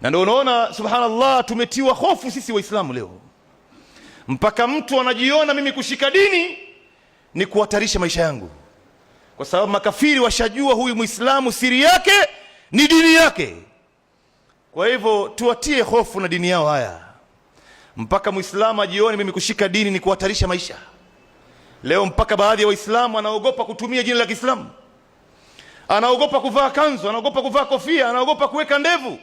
na ndio unaona, subhanallah, tumetiwa hofu sisi Waislamu leo mpaka mtu anajiona mimi kushika dini ni kuhatarisha maisha yangu, kwa sababu makafiri washajua huyu Muislamu siri yake ni dini yake. Kwa hivyo tuwatie hofu na dini yao, haya mpaka Muislamu ajione mimi kushika dini ni kuhatarisha maisha. Leo mpaka baadhi ya wa Waislamu anaogopa kutumia jina la Kiislamu, anaogopa kuvaa kanzu, anaogopa kuvaa kofia, anaogopa kuweka ndevu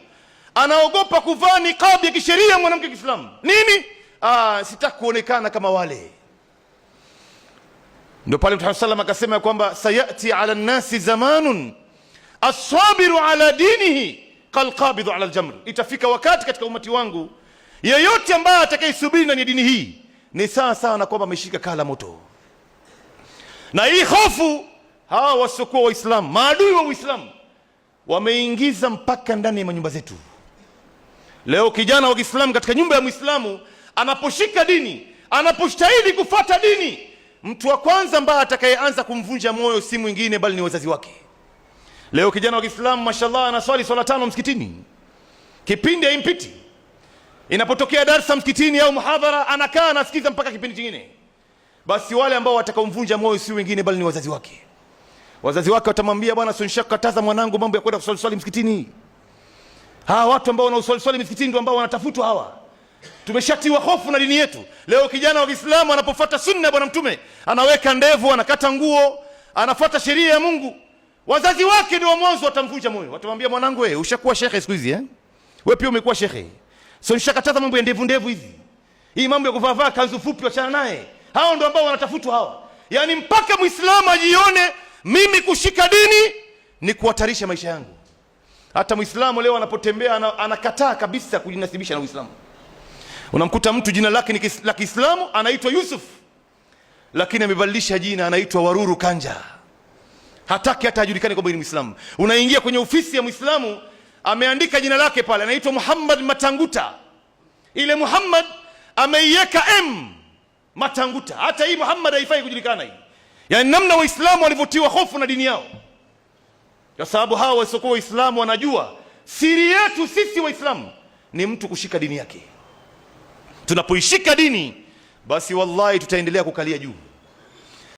anaogopa kuvaa niqab ya kisheria mwanamke Kiislamu. Nini? Ah, sitaki kuonekana kama wale. Ndio pale Mtume sallam akasema kwamba sayati ala nnasi zamanun assabiru ala dinihi kalqabidhu ala aljamr, itafika wakati katika umati wangu yeyote ambaye atakayesubiri ndani ya dini hii ni sawa sawa na kwamba ameshika kaa la moto. Na hii hofu hawa wasiokuwa Waislamu, maadui wa Uislamu wameingiza mpaka ndani ya manyumba zetu. Leo kijana wa Kiislamu katika nyumba ya Muislamu anaposhika dini, anapostahili kufata dini, mtu wa kwanza ambaye atakayeanza kumvunja moyo si mwingine bali ni wazazi wake. Leo kijana wa Kiislamu mashallah, anaswali swala tano msikitini, kipindi haimpiti. Inapotokea darsa msikitini au muhadhara, anakaa anasikiza mpaka kipindi kingine. Basi wale ambao watakaomvunja moyo si wengine bali ni wazazi wake. Wazazi wake watamwambia, bwana, si nishakukataza mwanangu mambo ya kwenda kuswali msikitini Hawa watu ambao wanauswaliswali misikitini ndio ambao wanatafutwa hawa. Tumeshatiwa hofu na dini yetu. Leo kijana wa Kiislamu anapofata sunna ya Bwana Mtume anaweka ndevu, anakata nguo, anafata sheria ya Mungu, wazazi wake ndio mwanzo watamvunja moyo, watamwambia mwanangu, wewe ushakuwa shekhe siku hizi eh? Wewe pia umekuwa shekhe, so ushakataza mambo ya ndevu ndevu hizi, hii mambo ya kuvaa kanzu fupi, wachana naye. hawa ndio ambao wanatafutwa hawa, yaani mpaka Muislamu ajione, mimi kushika dini ni kuhatarisha maisha yangu. Hata Muislamu leo anapotembea anakataa kabisa kujinasibisha na Uislamu. Unamkuta mtu jina lake ni la Kiislamu, anaitwa Yusuf, lakini amebadilisha jina, anaitwa Waruru Kanja. Hataki hata ajulikane kwamba ni Mwislamu. Unaingia kwenye ofisi ya mwislamu ameandika jina lake pale, anaitwa Muhammad Matanguta. Ile Muhammad ameiweka M Matanguta. Hata hii Muhammad haifai kujulikana hii. Yaani namna Waislamu walivyotiwa hofu na dini yao kwa sababu hawa wasiokuwa Waislamu wanajua siri yetu sisi Waislamu ni mtu kushika dini yake. Tunapoishika dini, basi wallahi tutaendelea kukalia juu.